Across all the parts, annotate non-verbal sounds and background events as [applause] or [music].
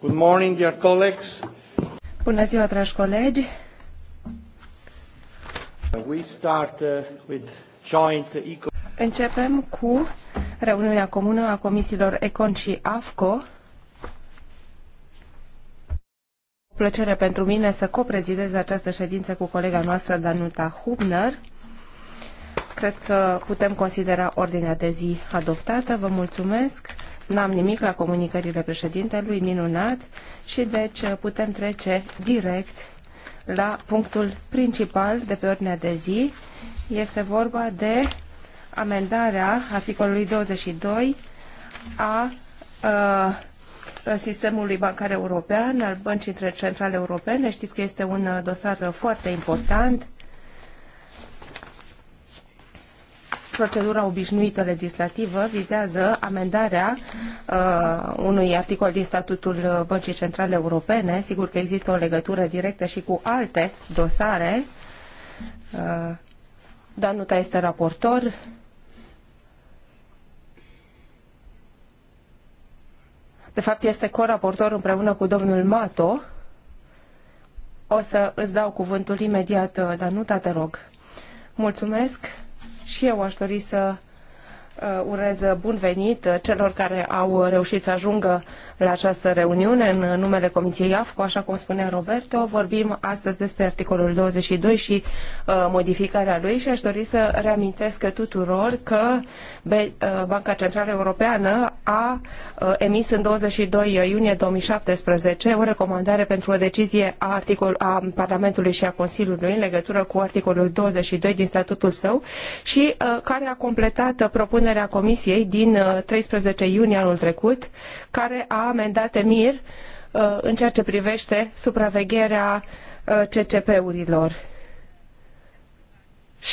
Good morning, dear colleagues. Bună ziua, dragi colegi. We start uh, with joint eco Începem cu reuniunea comună a comisiilor Econ și AFCO. O plăcere pentru mine să coprezidez această ședință cu colega noastră Danuta Hubner. Cred că putem considera ordinea de zi adoptată. Vă mulțumesc. N-am nimic la comunicările președintelui, minunat, și deci uh, putem trece direct la punctul principal de pe ordinea de zi. Este vorba de amendarea articolului 22 a, a uh, sistemului bancar european, al băncii centrale europene. Știți că este un uh, dosar foarte important Procedura obișnuită legislativă vizează amendarea uh, unui articol din statutul Băncii Centrale Europene. Sigur că există o legătură directă și cu alte dosare. Uh, Danuta este raportor. De fapt, este coraportor împreună cu domnul Mato. O să îți dau cuvântul imediat, Danuta, te rog. Mulțumesc. Și eu aș dori să Uh, urez bun venit uh, celor care au reușit să ajungă la această reuniune în uh, numele Comisiei AFCO, așa cum spunea Roberto. Vorbim astăzi despre articolul 22 și modificarea lui și aș dori să reamintesc tuturor că Banca Centrală Europeană a emis în 22 iunie 2017 o recomandare pentru o decizie a, articol, a Parlamentului și a Consiliului în legătură cu articolul 22 din statutul său și care a completat propunerea propunerea Comisiei din 13 uh, iunie anul trecut, care a amendat EMIR uh, în ceea ce privește supravegherea uh, CCP-urilor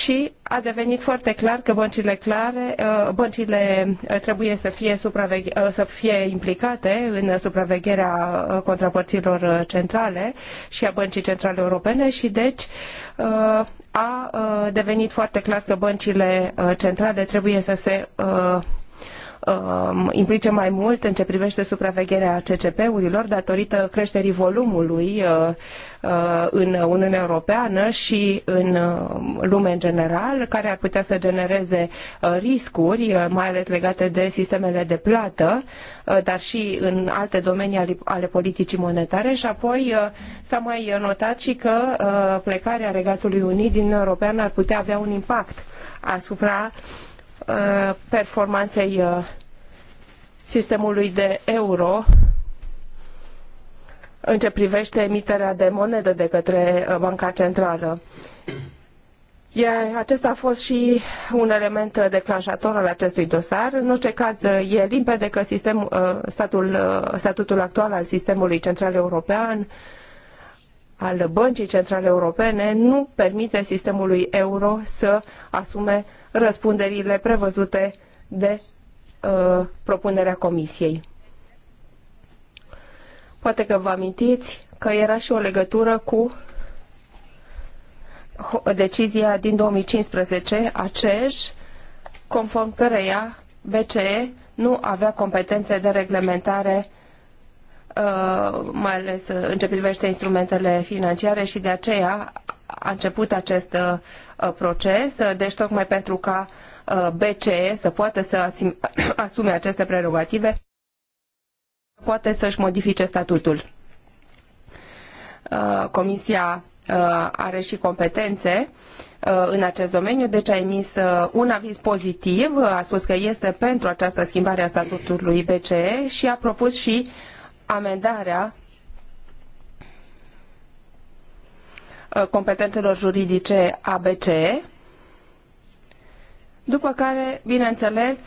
și a devenit foarte clar că băncile, clare, uh, băncile uh, trebuie să fie, uh, să fie implicate în supravegherea contrapărților centrale și a băncii centrale europene și deci a devenit foarte clar că băncile centrale trebuie să se um, implice mai mult în ce privește supravegherea CCP-urilor datorită creșterii volumului uh, uh, în Uniunea Europeană și în um, lume în general, care ar putea să genereze uh, riscuri, mai ales legate de sistemele de plată, dar și în alte domenii ale politicii monetare și apoi s-a mai notat și că plecarea Regatului Unit din Europeană ar putea avea un impact asupra uh, Uh, performanței uh, sistemului de euro în ce privește emiterea de monedă de către uh, Banca Centrală. Acesta a fost și un element declanșator al acestui dosar. În orice caz, e limpede că sistem, statul, statutul actual al sistemului central european, al băncii centrale europene, nu permite sistemului euro să asume răspunderile prevăzute de uh, propunerea comisiei. Poate că vă amintiți că era și o legătură cu decizia din 2015 a CEJ, conform căreia BCE nu avea competențe de reglementare uh, mai ales în ce privește instrumentele financiare și de aceea a început acest uh, uh, proces, uh, deci tocmai pentru ca BCE să poată să [coughs] asume aceste prerogative, poate să-și modifice statutul. Comisia are și competențe în acest domeniu, deci a emis un aviz pozitiv, a spus că este pentru această schimbare a statutului BCE și a propus și amendarea Uh, competenelor juridice ABCE, după care, bineînțeles,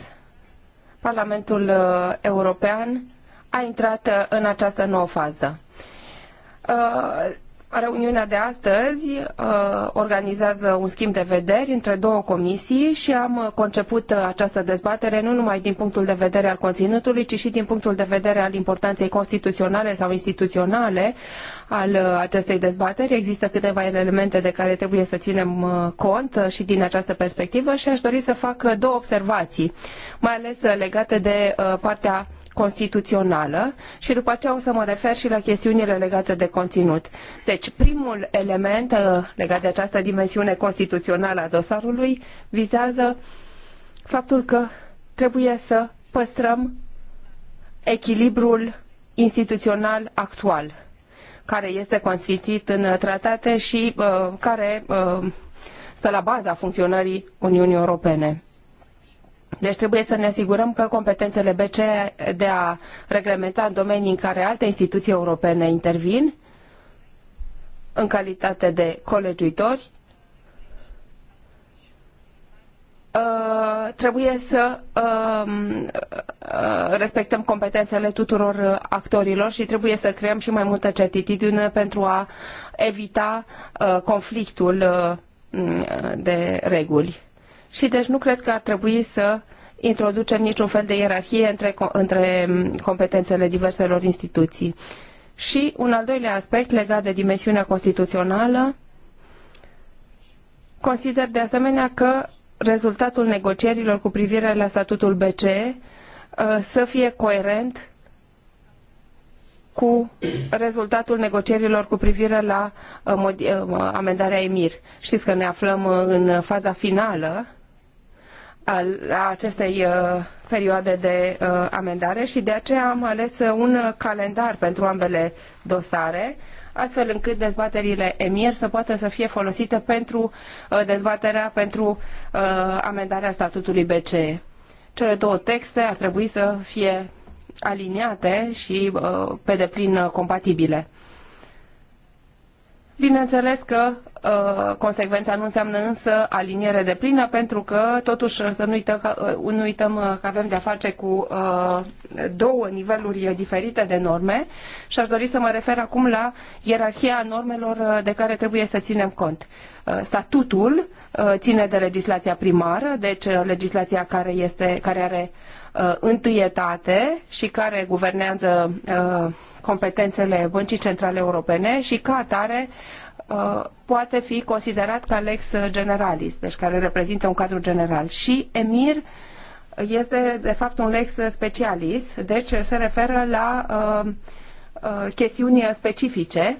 Parlamentul uh, European a intrat uh, în această nouă fază. Reuniunea de astăzi uh, organizează un schimb de vederi între două comisii și am conceput uh, această dezbatere nu numai din punctul de vedere al conținutului, ci și din punctul de vedere al importanței constituționale sau instituționale al uh, acestei dezbateri. Există câteva elemente de care trebuie să ținem cont și din această perspectivă și aș dori să fac două observații, mai ales legate de partea constituțională și după aceea o să mă refer și la chestiunile legate de conținut. Deci, primul element uh, legat de această dimensiune constituțională a dosarului vizează faptul că trebuie să păstrăm echilibrul instituțional actual, care este consfințit în tratate și uh, care uh, stă la baza funcționării Uniunii Europene. Deci trebuie să ne asigurăm că competențele BCE de a reglementa în domenii în care alte instituții europene intervin, în calitate de colegiuitori, uh, trebuie să um, uh, respectăm competențele tuturor actorilor și trebuie să creăm și mai multă certitudine pentru a evita uh, conflictul de reguli și deci nu cred că ar trebui să introducem niciun fel de ierarhie între, între mm, competențele diverselor instituții. Și un al doilea aspect legat de dimensiunea constituțională, consider de asemenea că rezultatul negocierilor cu privire la statutul BCE uh, să fie coerent cu rezultatul negocierilor cu privire la uh, uh, amendarea EMIR. Știți că ne aflăm în faza finală al acestei uh, perioade de uh, amendare și de aceea am ales un calendar pentru ambele dosare, astfel încât dezbaterile EMIR să poată să fie folosite pentru uh, dezbaterea pentru amendarea statutului BCE. Cele două texte ar trebui să fie aliniate și pe deplin compatibile. Bineînțeles că uh, consecvența nu înseamnă însă aliniere de plină, pentru că totuși să nu uităm că, uh, nu uităm uh, că avem de-a face cu uh, două niveluri diferite de norme și aș dori să mă refer acum la ierarhia normelor uh, de care trebuie să ținem cont. Uh, statutul ține de legislația primară, deci legislația care, este, care are uh, întâietate și care guvernează uh, competențele Băncii Centrale Europene și ca atare uh, poate fi considerat ca lex generalis, deci care reprezintă un cadru general. Și EMIR este de fapt un lex specialis, deci se referă la uh, uh, chestiuni specifice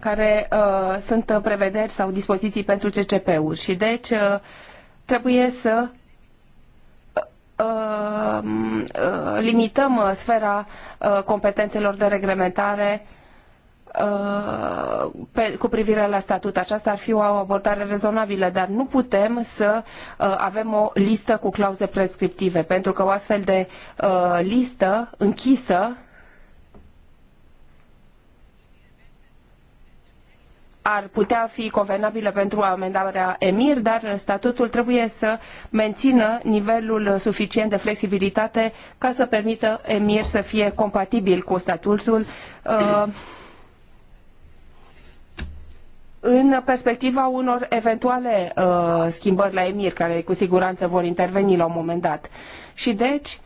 care uh, sunt prevederi sau dispoziții pentru CCP-uri și deci uh, trebuie să Uh, limităm uh, sfera uh, competențelor de reglementare pe, cu privire la statut. Aceasta ar fi o abordare rezonabilă, dar nu putem să uh, avem o listă cu clauze prescriptive, pentru că o astfel de uh, listă închisă ar putea fi convenabilă pentru amendarea EMIR, dar statutul trebuie să mențină nivelul suficient de flexibilitate ca să permită EMIR să fie compatibil cu statutul uh, în perspectiva unor eventuale uh, schimbări la EMIR, care cu siguranță vor interveni la un moment dat. Și deci,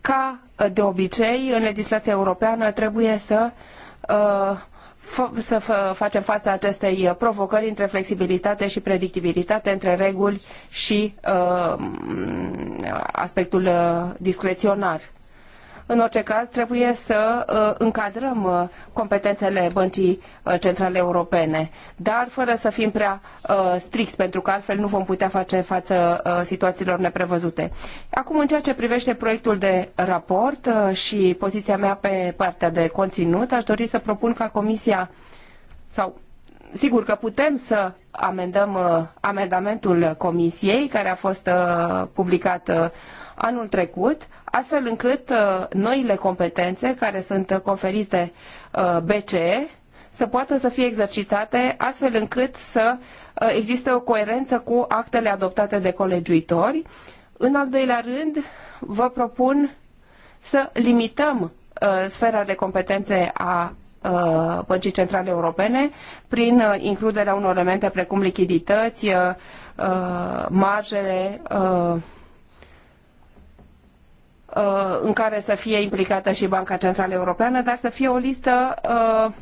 ca de obicei, în legislația europeană trebuie să uh, să facem față acestei uh, provocări între flexibilitate și predictibilitate, între reguli și uh, aspectul uh, discreționar. În orice caz, trebuie să uh, încadrăm uh, competențele Băncii uh, Centrale Europene, dar fără să fim prea stricți, pentru că altfel nu vom putea face față situațiilor neprevăzute. Acum, în ceea ce privește proiectul de raport și poziția mea pe partea de conținut, aș dori să propun ca Comisia sau sigur că putem să amendăm amendamentul comisiei care a fost publicat anul trecut, astfel încât uh, noile competențe care sunt conferite uh, BCE să poată să fie exercitate astfel încât să uh, existe o coerență cu actele adoptate de colegiuitori. În al doilea rând, vă propun să limităm sfera de competențe a Băncii Centrale Europene prin includerea unor elemente precum lichidități, marjele, Uh, în care să fie implicată și Banca Centrală Europeană, dar să fie o listă uh,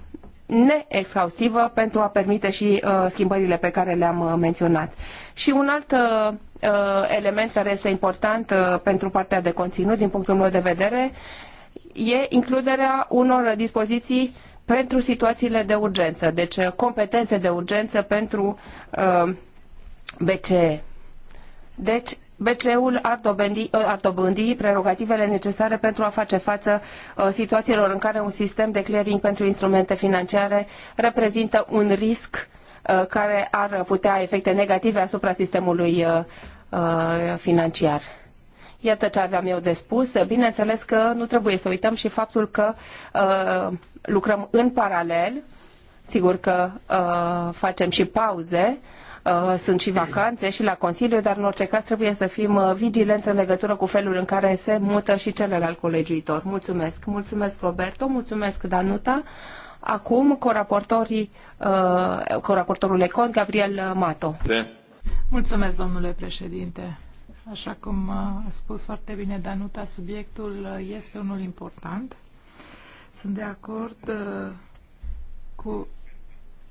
neexhaustivă pentru a permite și uh, schimbările pe care le-am menționat. Și un alt element care este important pentru partea de conținut, din punctul meu de vedere, e includerea unor dispoziții pentru situațiile de urgență, deci competențe de urgență pentru BCE. Deci, BCE-ul ar, ar dobândi, ă, prerogativele necesare pentru a face față ă, situațiilor în care un sistem de clearing pentru instrumente financiare reprezintă un risc ă, care ar putea efecte negative asupra sistemului financiar. Iată ce aveam eu de spus. Bineînțeles că nu trebuie să uităm și faptul că lucrăm în paralel. Sigur că facem și pauze Uh, sunt și vacanțe și la Consiliu, dar în orice caz trebuie să fim uh, vigilenți în legătură cu felul în care se mută și celălalt colegiuitor. Mulțumesc! Mulțumesc, Roberto! Mulțumesc, Danuta! Acum, uh, coraportorul Econ, Gabriel Mato. De. Mulțumesc, domnule președinte! Așa cum a spus foarte bine Danuta, subiectul este unul important. Sunt de acord cu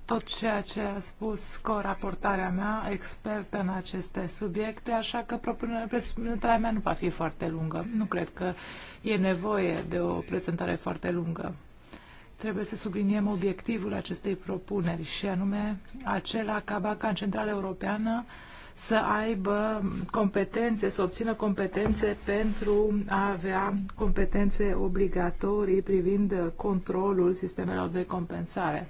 tot ceea ce a spus coraportarea mea, expertă în aceste subiecte, așa că prezentarea mea nu va fi foarte lungă. Nu cred că e nevoie de o prezentare foarte lungă. Trebuie să subliniem obiectivul acestei propuneri și anume acela ca Banca Centrală Europeană să aibă competențe, să obțină competențe pentru a avea competențe obligatorii privind controlul sistemelor de compensare.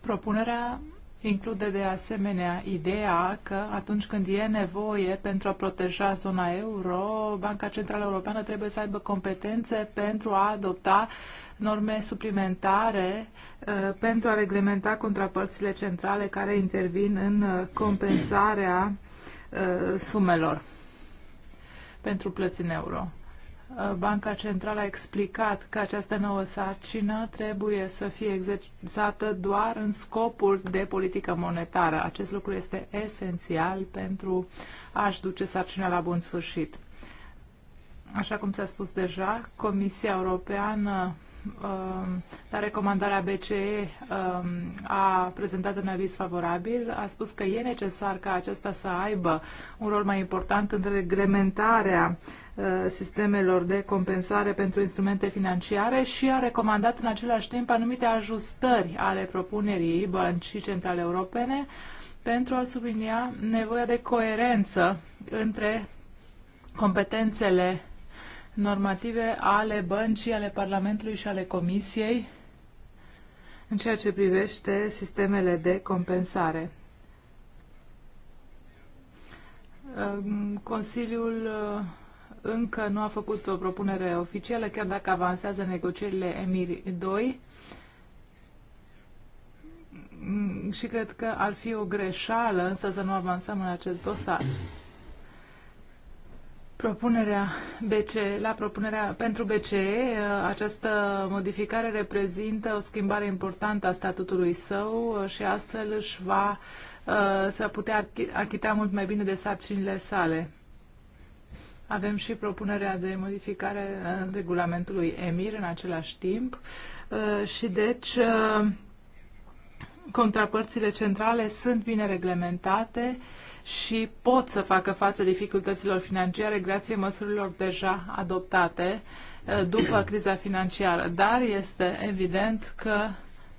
Propunerea include de asemenea ideea că atunci când e nevoie pentru a proteja zona euro, Banca Centrală Europeană trebuie să aibă competențe pentru a adopta norme suplimentare uh, pentru a reglementa contrapărțile centrale care intervin în uh, compensarea uh, sumelor pentru plăți în euro. Uh, Banca Centrală a explicat că această nouă sarcină trebuie să fie exercitată doar în scopul de politică monetară. Acest lucru este esențial pentru a-și duce sarcina la bun sfârșit. Așa cum s-a spus deja, Comisia Europeană um, la recomandarea BCE um, a prezentat un aviz favorabil, a spus că e necesar ca acesta să aibă un rol mai important în reglementarea uh, Uh, sistemelor de compensare pentru instrumente financiare și a recomandat în același timp anumite ajustări ale propunerii Băncii Centrale Europene pentru a sublinia nevoia de coerență între competențele normative ale băncii, ale Parlamentului și ale Comisiei în ceea ce privește sistemele de compensare. Consiliul uh, încă nu a făcut o propunere oficială, chiar dacă avansează negocierile Emir 2. Mm, și cred că ar fi o greșeală, însă să nu avansăm în acest dosar. Propunerea BCE, la propunerea pentru BCE, această modificare reprezintă o schimbare importantă a statutului său și astfel își va uh, se va putea achita mult mai bine de sarcinile sale. Avem și propunerea de modificare în regulamentului EMIR în același timp uh, și deci uh, contrapărțile centrale sunt bine reglementate și pot să facă față dificultăților financiare grație măsurilor deja adoptate uh, după [coughs] criza financiară. Dar este evident că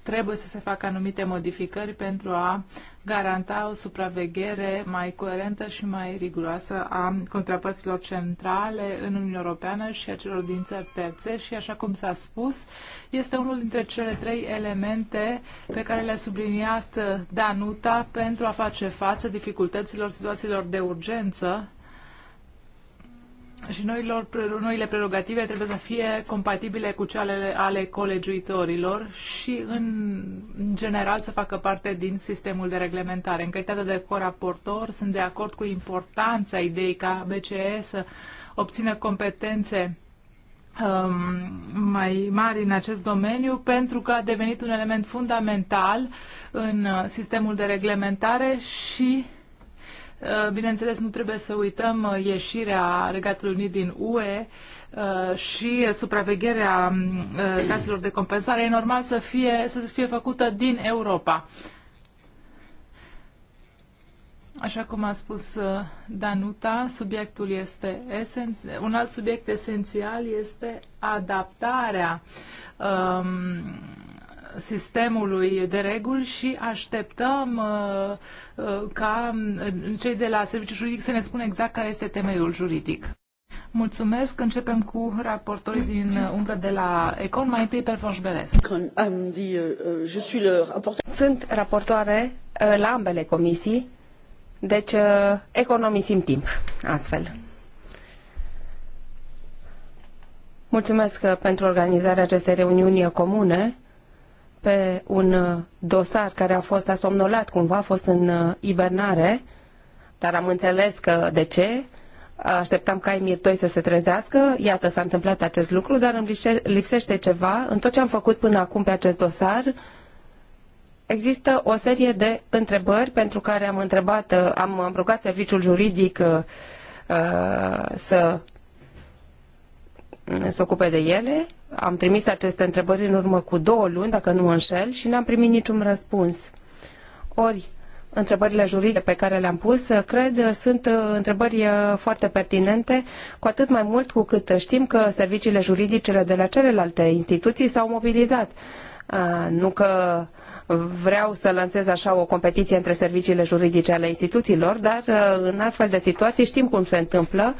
trebuie să se facă anumite modificări pentru a garanta o supraveghere mai coerentă și mai riguroasă a contrapărților centrale în Uniunea Europeană și a celor din țări terțe și, așa cum s-a spus, este unul dintre cele trei elemente pe care le-a subliniat Danuta pentru a face față dificultăților situațiilor de urgență și noilor, noile prerogative trebuie să fie compatibile cu cele ale colegiuitorilor și, în general, să facă parte din sistemul de reglementare. În calitate de coraportor, sunt de acord cu importanța ideii ca BCE să obțină competențe um, mai mari în acest domeniu pentru că a devenit un element fundamental în uh, sistemul de reglementare și uh, Uh, bineînțeles, nu trebuie să uităm uh, ieșirea Regatului Unit din UE uh, și supravegherea mm, caselor de compensare. E normal să fie, să fie făcută din Europa. Așa cum a spus Danuta, subiectul este esen... un alt subiect esențial este adaptarea um, sistemului de reguli și așteptăm uh, uh, ca uh, cei de la serviciul juridic să ne spună exact care este temeiul juridic. Mulțumesc. Începem cu raportorii din umbră de la Econ. Mai întâi, Perfonș Beres. Sunt raportoare la ambele comisii, deci economisim timp astfel. Mulțumesc pentru organizarea acestei reuniuni comune pe un uh, dosar care a fost asomnolat, cumva a fost în uh, ibernare, dar am înțeles că de ce. Așteptam ca Emir II să se trezească, iată s-a întâmplat acest lucru, dar îmi lipsește ceva. În tot ce am făcut până acum pe acest dosar, există o serie de întrebări pentru care am întrebat, uh, am, am rugat serviciul juridic uh, să se ocupe de ele am trimis aceste întrebări în urmă cu două luni, dacă nu înșel, și n-am primit niciun răspuns. Ori, întrebările juridice pe care le-am pus, cred, sunt uh, întrebări uh, foarte pertinente, cu atât mai mult cu cât știm că serviciile juridice de la celelalte instituții s-au mobilizat. Uh, nu că vreau să lansez așa o competiție între serviciile juridice ale instituțiilor, dar în astfel de situații știm cum se întâmplă.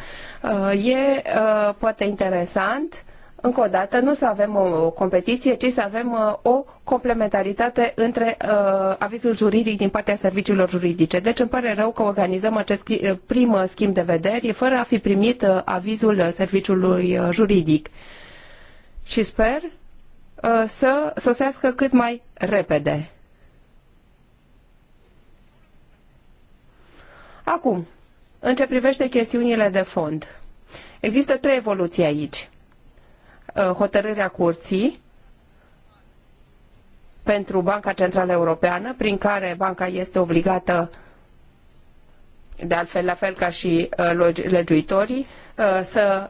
E poate interesant încă o dată, nu să avem o competiție, ci să avem uh, o complementaritate între uh, avizul juridic din partea serviciilor juridice. Deci îmi pare rău că organizăm acest uh, prim uh, schimb de vederi fără a fi primit uh, avizul serviciului juridic. Și sper uh, să sosească cât mai repede. Acum, în ce privește chestiunile de fond, există trei evoluții aici Uh, hotărârea curții pentru Banca Centrală Europeană, prin care banca este obligată, de altfel la fel ca și uh, legiuitorii, uh, să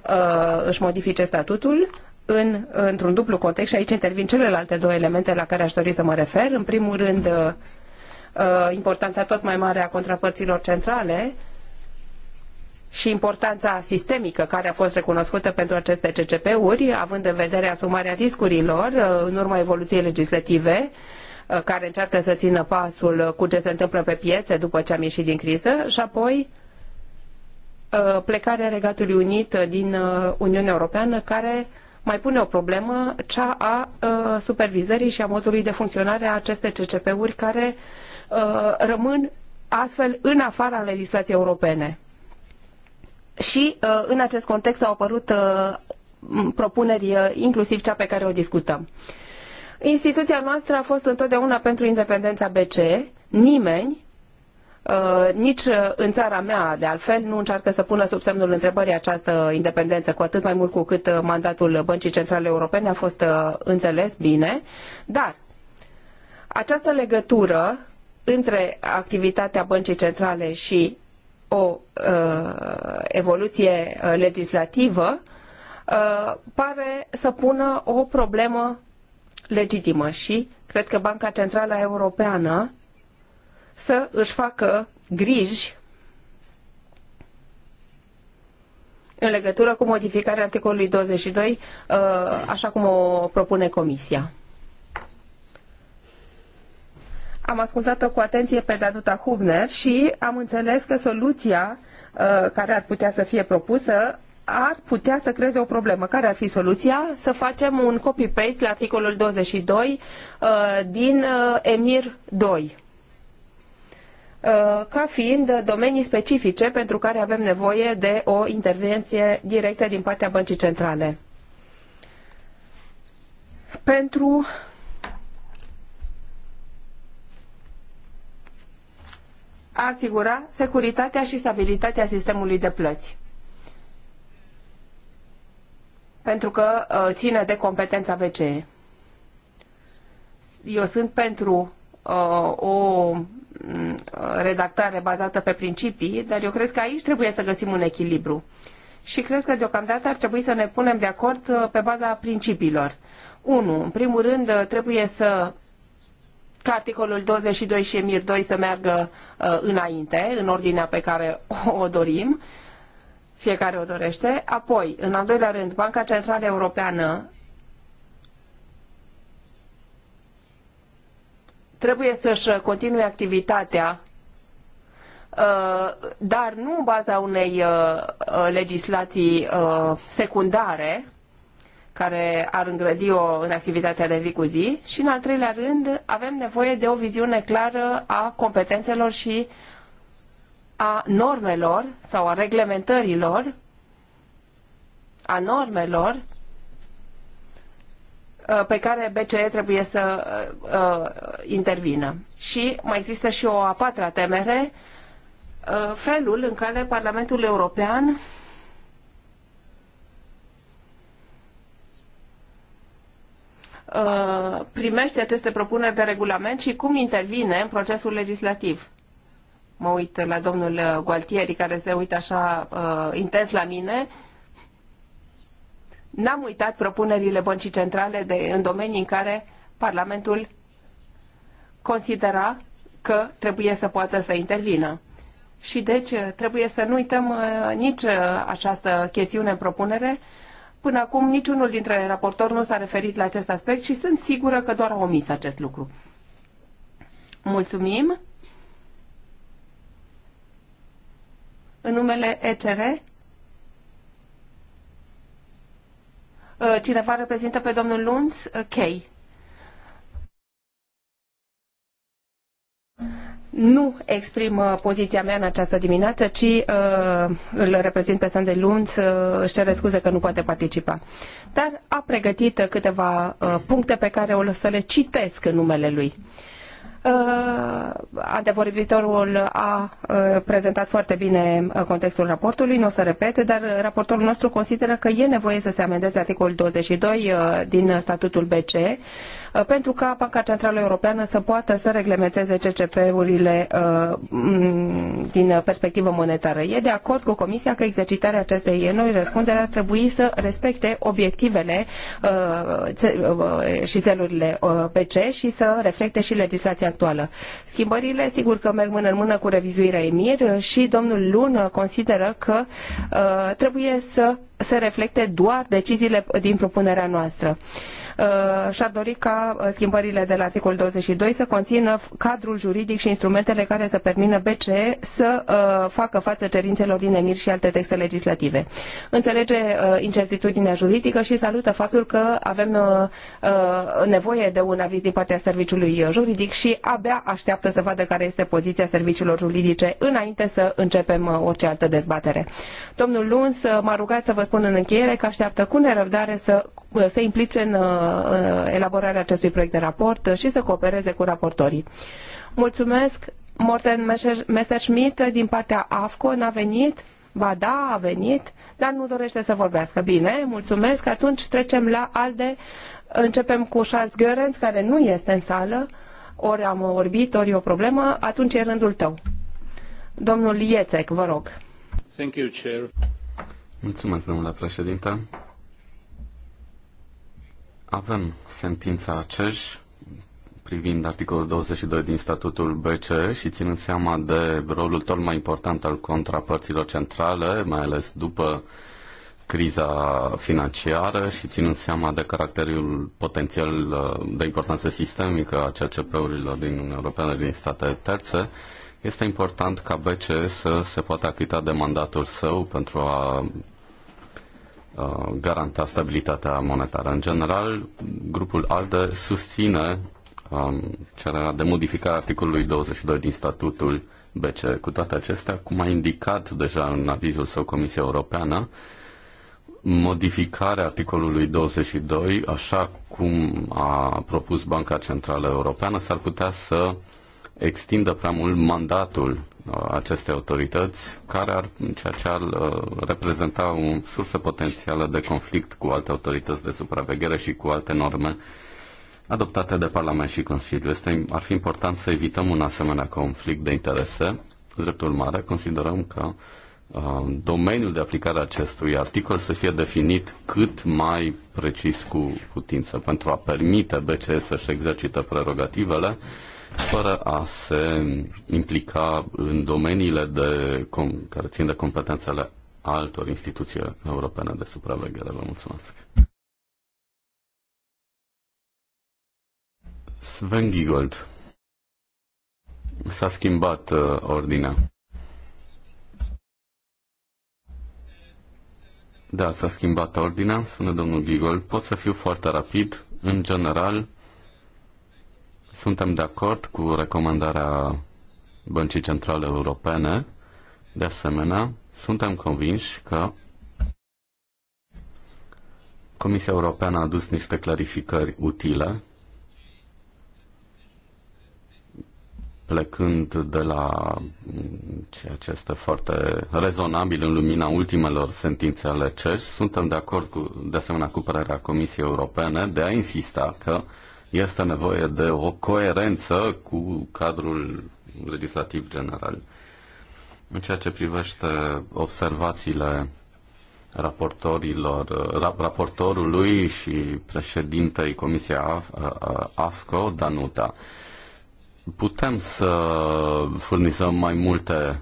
își modifice statutul în, într-un dublu context și aici intervin celelalte două elemente la care aș dori să mă refer. În primul rând, importanța tot mai mare a contrapărților centrale, și importanța sistemică care a fost recunoscută pentru aceste CCP-uri, având în vedere asumarea riscurilor uh, în urma evoluției legislative, uh, care încearcă să țină pasul cu ce se întâmplă pe piețe după ce am ieșit din criză și apoi uh, plecarea Regatului Unit din Uniunea Europeană care mai pune o problemă, cea a supervizării și a modului de funcționare a acestei CCP-uri care rămân astfel în afara legislației europene. Și uh, în acest context au apărut uh, propuneri, uh, inclusiv cea pe care o discutăm. Instituția noastră a fost întotdeauna pentru independența BCE. Nimeni, nici în țara mea, de altfel, nu încearcă să pună sub semnul întrebării această independență, cu atât mai mult cu cât mandatul Băncii Centrale Europene a fost înțeles bine. Dar această legătură între activitatea Băncii Centrale și o uh, evoluție uh, legislativă uh, pare să pună o problemă legitimă și cred că Banca Centrală Europeană să își facă griji în legătură cu modificarea articolului 22, uh, așa cum o propune Comisia. am ascultat-o cu atenție pe Danuta Hubner și am înțeles că soluția uh, care ar putea să fie propusă ar putea să creeze o problemă. Care ar fi soluția? Să facem un copy-paste la articolul 22 uh, din uh, Emir 2 ca fiind domenii specifice pentru care avem nevoie de o intervenție directă din partea băncii centrale. Pentru a asigura securitatea și stabilitatea sistemului de plăți. Pentru că uh, ține de competența BCE. Eu sunt pentru uh, o mm, redactare bazată pe principii, dar eu cred că aici trebuie să găsim un echilibru. Și cred că deocamdată ar trebui să ne punem de acord uh, pe baza principiilor. 1. În primul rând, uh, trebuie să ca articolul 22 și Emir 2 să meargă uh, înainte, în ordinea pe care o dorim, fiecare o dorește. Apoi, în al doilea rând, Banca Centrală Europeană trebuie să-și continue activitatea uh, dar nu în baza unei uh, legislații uh, secundare, care ar îngrădi-o în activitatea de zi cu zi și, în al treilea rând, avem nevoie de o viziune clară a competențelor și a normelor sau a reglementărilor, a normelor uh, pe care BCE trebuie să uh, intervină. Și mai există și o a patra temere, uh, felul în care Parlamentul European Uh, primește aceste propuneri de regulament și cum intervine în procesul legislativ. Mă uit la domnul uh, Gualtieri, care se uită așa uh, intens la mine. N-am uitat propunerile băncii centrale de, în domenii în care Parlamentul considera că trebuie să poată să intervină. Și deci uh, trebuie să nu uităm nici această chestiune în propunere, Până acum niciunul dintre raportori nu s-a referit la acest aspect și sunt sigură că doar au omis acest lucru. Mulțumim! În numele ECR, uh, cineva reprezintă pe domnul Lunz? Uh, Kay. Okay. nu exprim uh, poziția mea în această dimineață, ci uh, îl reprezint pe Sande Lunț, uh, își cere scuze că nu poate participa. Dar a pregătit câteva uh, puncte pe care o să le citesc în numele lui. Uh, adevărbitorul a uh, prezentat foarte bine uh, contextul raportului, nu o să repet, dar raportorul nostru consideră că e nevoie să se amendeze articolul 22 uh, din statutul BC, Uh, pentru ca Banca Centrală Europeană să poată să reglementeze CCP-urile uh, din perspectivă monetară. E de acord cu Comisia că exercitarea acestei noi răspundere ar trebui să respecte obiectivele uh, și țelurile PC și să reflecte și legislația actuală. Schimbările, sigur că merg mână în mână cu revizuirea EMIR și domnul Lun consideră că trebuie să se reflecte doar deciziile din propunerea noastră. Uh, Uh, și-ar dori ca uh, schimbările de la articolul 22 să conțină cadrul juridic și instrumentele care să permină BCE să uh, facă față cerințelor din EMIR și alte texte legislative. Înțelege incertitudinea juridică și salută faptul că avem nevoie de un aviz din partea serviciului juridic și abia așteaptă să vadă care este poziția serviciilor juridice înainte să începem orice altă dezbatere. Domnul Luns m-a rugat să vă spun în încheiere că așteaptă cu nerăbdare să se implice în Uh, elaborarea acestui proiect de raport și să coopereze cu raportorii. Mulțumesc! Morten Messerschmidt din partea AFCO n-a venit, ba da, a venit, dar nu dorește să vorbească. Bine, mulțumesc, atunci trecem la ALDE, începem cu Charles Görens, care nu este în sală, ori am orbit, ori e o problemă, atunci e rândul tău. Domnul Iețec, vă rog. Thank you, Chair. Mulțumesc, domnule președinte. Avem sentința CEJ privind articolul 22 din statutul BCE și ținând seama de rolul tot mai important al contrapărților centrale, mai ales după criza financiară și ținând seama de caracterul potențial uh, de importanță sistemică a CCP-urilor din Uniunea Europeană din state terțe, este important ca BCE să se poată achita de mandatul său pentru a garanta stabilitatea monetară. În general, grupul ALDE susține um, cererea de modificare a articolului 22 din statutul BCE. Cu toate acestea, cum a indicat deja în avizul său Comisia Europeană, modificarea articolului 22, așa cum a propus Banca Centrală Europeană, s-ar putea să extindă prea mult mandatul uh, acestei autorități, care ar, ceea ce ar uh, reprezenta o sursă potențială de conflict cu alte autorități de supraveghere și cu alte norme adoptate de Parlament și Consiliu. Este, ar fi important să evităm un asemenea conflict de interese. dreptul mare considerăm că uh, domeniul de aplicare a acestui articol să fie definit cât mai precis cu putință pentru a permite BCE să-și exercite prerogativele fără a se implica în domeniile de, care țin de competențele altor instituții europene de supraveghere. Vă mulțumesc. Sven Giegold. S-a schimbat uh, ordinea. Da, s-a schimbat ordinea, spune domnul Gigol. Pot să fiu foarte rapid. În general, suntem de acord cu recomandarea Băncii Centrale Europene. De asemenea, suntem convinși că Comisia Europeană a adus niște clarificări utile, plecând de la ceea ce este foarte rezonabil în lumina ultimelor sentințe ale CEJ, suntem de acord cu, de asemenea cu părerea Comisiei Europene de a insista că uh, este nevoie de o coerență cu cadrul legislativ general. În ceea ce privește observațiile raportorilor, raportorului și președintei Comisia AFCO, Danuta. Putem să furnizăm mai multe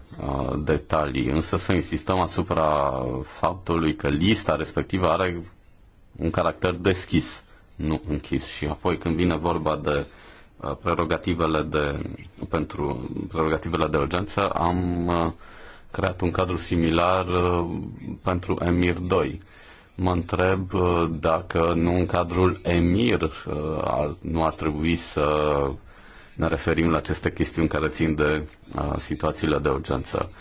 detalii, însă să insistăm asupra faptului că lista respectivă are un caracter deschis nu închis. Și apoi când vine vorba de uh, prerogativele de, pentru prerogativele de urgență, am uh, creat un cadru similar uh, pentru EMIR 2. Mă întreb dacă nu în cadrul EMIR ar, nu ar trebui să ne referim la aceste chestiuni care țin de situațiile de urgență.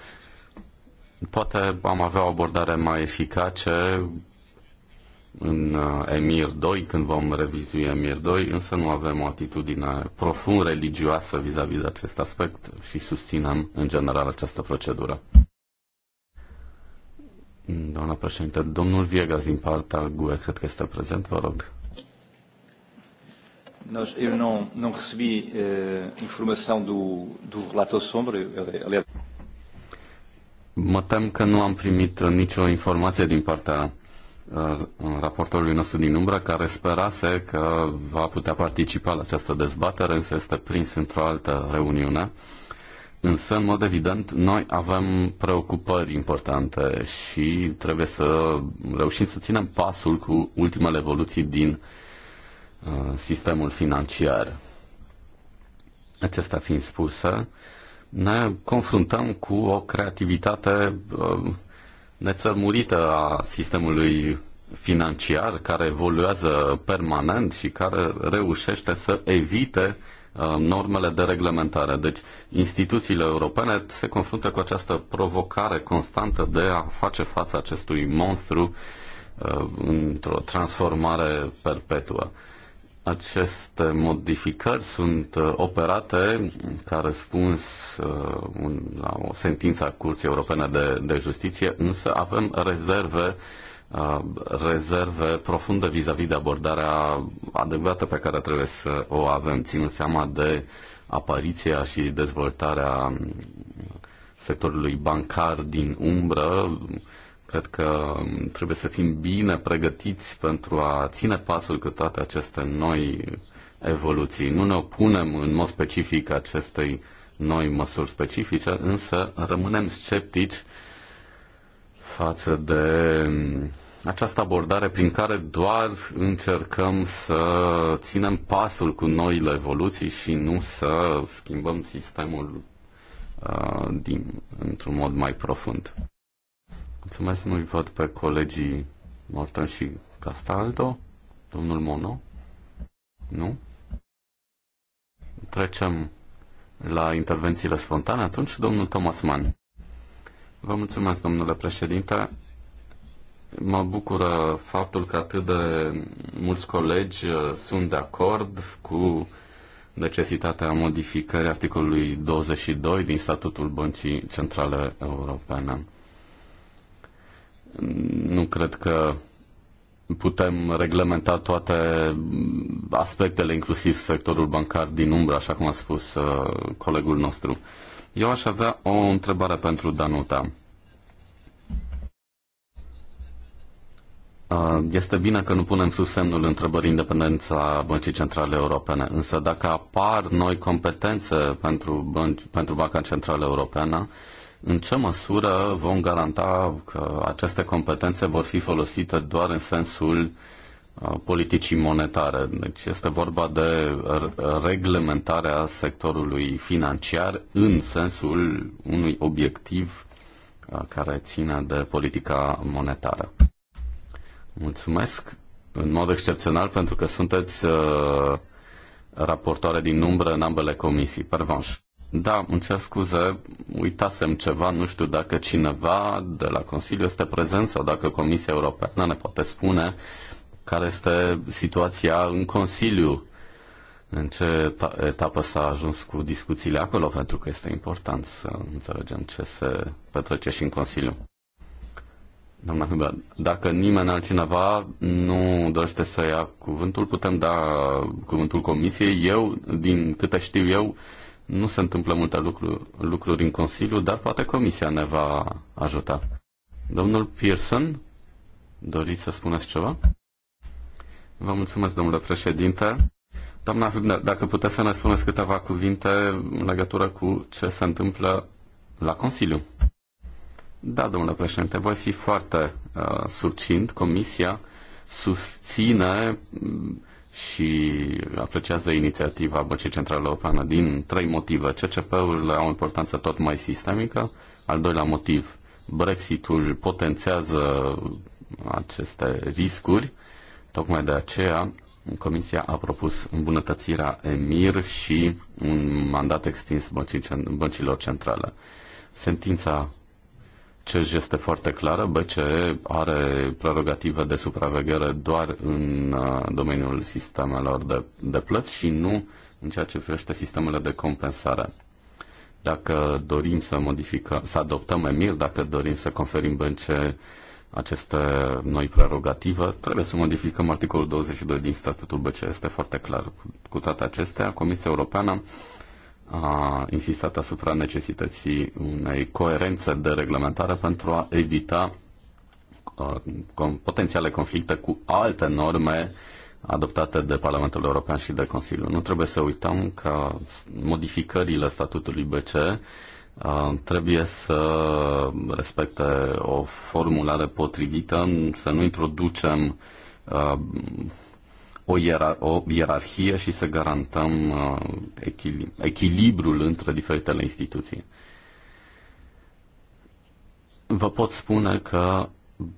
Poate am avea o abordare mai eficace în uh, Emir 2, când vom revizui Emir 2, însă nu avem o atitudine profund religioasă vis-a-vis -vis de acest aspect și susținem în general această procedură. Doamna președinte, domnul Viegas din partea GUE, cred că este prezent, vă rog. Nós, eu não, não recebi uh, informação do, do relator sombra, eh, aliás... Mă tem că nu am primit uh, nicio informație din partea Uh, raportorului nostru din umbră, care sperase că va putea participa la această dezbatere, însă este prins într-o altă reuniune. Însă, în mod evident, noi avem preocupări importante și trebuie să reușim să ținem pasul cu ultimele evoluții din uh, sistemul financiar. Acesta fiind spusă, ne confruntăm cu o creativitate uh, nețărmurită a sistemului financiar care evoluează permanent și care reușește să evite uh, normele de reglementare. Deci instituțiile europene se confruntă cu această provocare constantă de a face față acestui monstru uh, într-o transformare perpetuă. Aceste modificări sunt uh, operate ca răspuns uh, la o sentință a Curții Europene de, de Justiție, însă avem rezerve uh, rezerve profunde vis-a-vis -vis de abordarea adecvată pe care trebuie să o avem, ținând seama de apariția și dezvoltarea sectorului bancar din umbră, Cred că um, trebuie să fim bine pregătiți pentru a ține pasul cu toate aceste noi evoluții. Nu ne opunem în mod specific acestei noi măsuri specifice, însă rămânem sceptici față de um, această abordare prin care doar încercăm să ținem pasul cu noile evoluții și nu să schimbăm sistemul uh, din, într-un mod mai profund. Mulțumesc, nu văd pe colegii Morton și Castaldo. Domnul Mono? Nu? Trecem la intervențiile spontane. Atunci, domnul Thomas Mann. Vă mulțumesc, domnule președinte. Mă bucură faptul că atât de mulți colegi uh, sunt de acord cu necesitatea modificării articolului 22 din Statutul Băncii Centrale Europene. Nu cred că putem reglementa toate aspectele, inclusiv sectorul bancar din umbră, așa cum a spus uh, colegul nostru. Eu aș avea o întrebare pentru Danuta. Uh, este bine că nu punem sub semnul întrebării independența Băncii Centrale Europene, însă dacă apar noi competențe pentru, bănci, pentru Banca Centrală Europeană, în ce măsură vom garanta că aceste competențe vor fi folosite doar în sensul uh, politicii monetare. Deci este vorba de reglementarea sectorului financiar în sensul unui obiectiv uh, care ține de politica monetară. Mulțumesc în mod excepțional pentru că sunteți uh, raportoare din umbră în ambele comisii. Pervanș. Da, îmi cer scuze, uitasem ceva, nu știu dacă cineva de la Consiliu este prezent sau dacă Comisia Europeană ne poate spune care este situația în Consiliu, în ce etapă s-a ajuns cu discuțiile acolo, pentru că este important să înțelegem ce se petrece și în Consiliu. Doamna Hubert, dacă nimeni altcineva nu dorește să ia cuvântul, putem da cuvântul Comisiei. Eu, din câte știu eu, nu se întâmplă multe lucruri, lucruri în Consiliu, dar poate Comisia ne va ajuta. Domnul Pearson, doriți să spuneți ceva? Vă mulțumesc, domnule președinte. Doamna Hübner, dacă puteți să ne spuneți câteva cuvinte în legătură cu ce se întâmplă la Consiliu. Da, domnule președinte, voi fi foarte uh, surcind. Comisia susține și apreciază inițiativa Băncii Centrale Europene din trei motive. CCP-urile au o importanță tot mai sistemică. Al doilea motiv, Brexitul potențează aceste riscuri. Tocmai de aceea, Comisia a propus îmbunătățirea EMIR și un mandat extins băncilor centrale. Sentința CEJ este foarte clară, BCE are prerogative de supraveghere doar în uh, domeniul sistemelor de, de plăți și nu în ceea ce privește sistemele de compensare. Dacă dorim să modificăm, să adoptăm EMIR, dacă dorim să conferim BCE aceste noi prerogative, trebuie să modificăm articolul 22 din statutul BCE, este foarte clar. Cu toate acestea, Comisia Europeană a insistat asupra necesității unei coerențe de reglementare pentru a evita potențiale conflicte cu alte norme adoptate de Parlamentul European și de Consiliu. Nu trebuie să uităm că modificările statutului BC trebuie să respecte o formulare potrivită, să nu introducem o, ierar- o ierarhie și să garantăm uh, echil- echilibrul între diferitele instituții. Vă pot spune că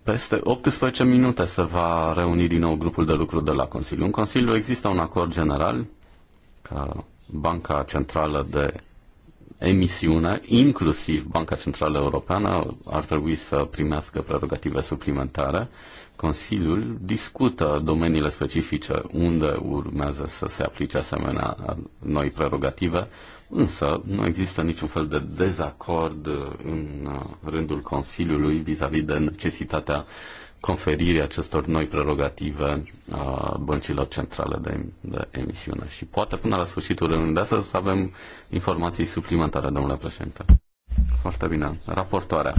peste 18 minute se va reuni din nou grupul de lucru de la Consiliu. În Consiliu există un acord general că Banca Centrală de emisiune, inclusiv Banca Centrală Europeană ar trebui să primească prerogative suplimentare. Consiliul discută domeniile specifice unde urmează să se aplice asemenea noi prerogative, însă nu există niciun fel de dezacord în rândul Consiliului vis-a-vis -vis de necesitatea conferirii acestor noi prerogative a băncilor centrale de, de emisiune. Și poate până la sfârșitul rândului de astăzi să avem informații suplimentare, domnule președinte. Foarte bine. Raportoarea.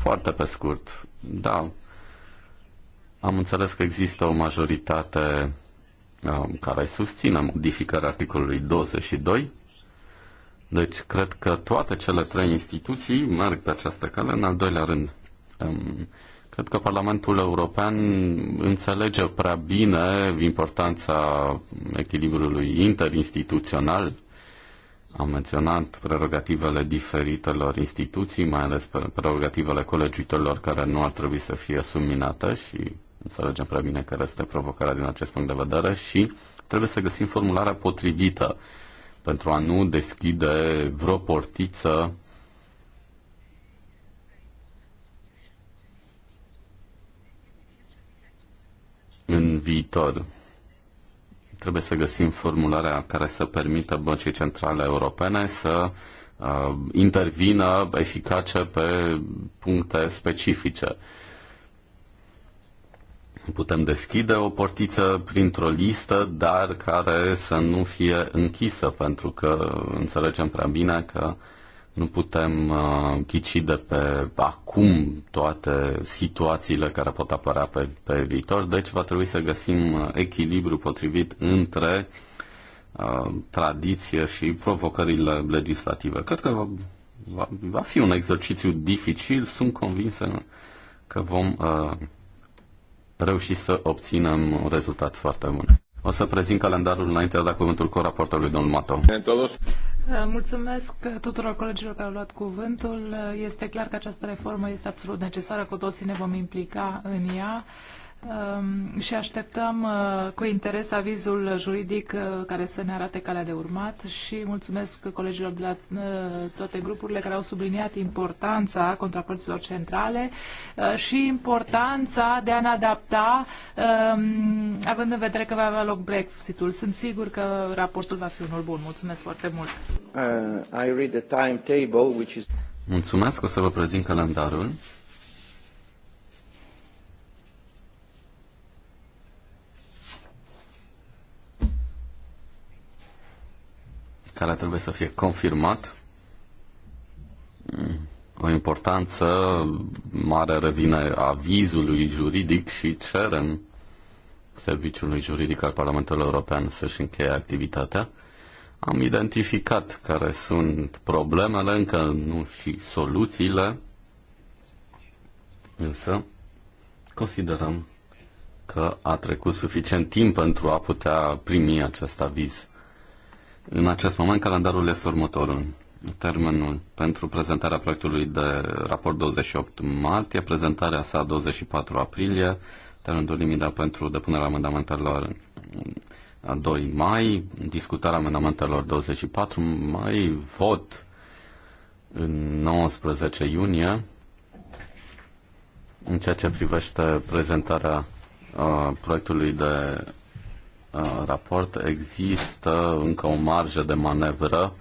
Foarte pe scurt. Da. Am înțeles că există o majoritate um, care susține modificarea articolului 22. Deci cred că toate cele trei instituții merg pe această cale. În al doilea rând, um, Cred că Parlamentul European înțelege prea bine importanța echilibrului interinstituțional. Am menționat prerogativele diferitelor instituții, mai ales prerogativele colegiuitorilor care nu ar trebui să fie subminate și înțelegem prea bine care este provocarea din acest punct de vedere și trebuie să găsim formularea potrivită pentru a nu deschide vreo portiță în viitor. Trebuie să găsim formularea care să permită băncii centrale europene să uh, intervină eficace pe puncte specifice. Putem deschide o portiță printr-o listă, dar care să nu fie închisă, pentru că înțelegem prea bine că uh, nu putem uh, ghici de pe acum toate situațiile care pot apărea pe, pe viitor, deci va trebui să găsim uh, echilibru potrivit între uh, tradiție și provocările legislative. Cred că va, va, va fi un exercițiu dificil, sunt convinsă că vom uh, reuși să obținem un rezultat foarte bun. O să prezint calendarul înainte de a da cuvântul cu raportorului domnul Mato. Uh, mulțumesc tuturor colegilor care au luat cuvântul. Uh, este clar că această reformă este absolut necesară, cu toții ne vom implica în ea. Um, și așteptăm uh, cu interes avizul juridic uh, care să ne arate calea de urmat și mulțumesc colegilor de la uh, toate grupurile care au subliniat importanța contrapărților centrale și importanța de a ne adapta um, având în vedere că va avea loc Brexit-ul. Sunt sigur că raportul va fi unul bun. Mulțumesc foarte mult. Uh, I read the timetable, which is... Mulțumesc, o să vă prezint calendarul. care trebuie să fie confirmat. O importanță mare revine avizului juridic și cerem Serviciului Juridic al Parlamentului European să-și încheie activitatea. Am identificat care sunt problemele, încă nu și soluțiile, însă considerăm că a trecut suficient timp pentru a putea primi acest aviz. În acest moment, calendarul este următorul. Termenul pentru prezentarea proiectului de raport 28 martie, prezentarea sa 24 aprilie, termenul limită pentru depunerea amendamentelor 2 uh, mai, discutarea amendamentelor 24 mai, vot în 19 iunie, în ceea ce privește prezentarea uh, proiectului de raport există încă o marjă de manevră.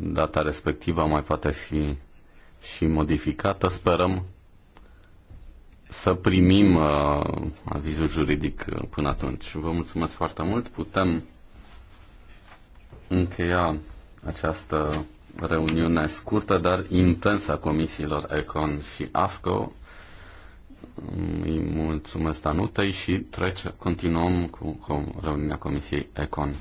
Data respectivă mai poate fi și modificată. Sperăm să primim uh, avizul juridic uh, până atunci. Vă mulțumesc foarte mult. Putem încheia această reuniune scurtă, dar intensă a comisiilor Econ și AFCO. Îi mulțumesc Danutei și trece, continuăm cu, cu reuniunea Comisiei Econ.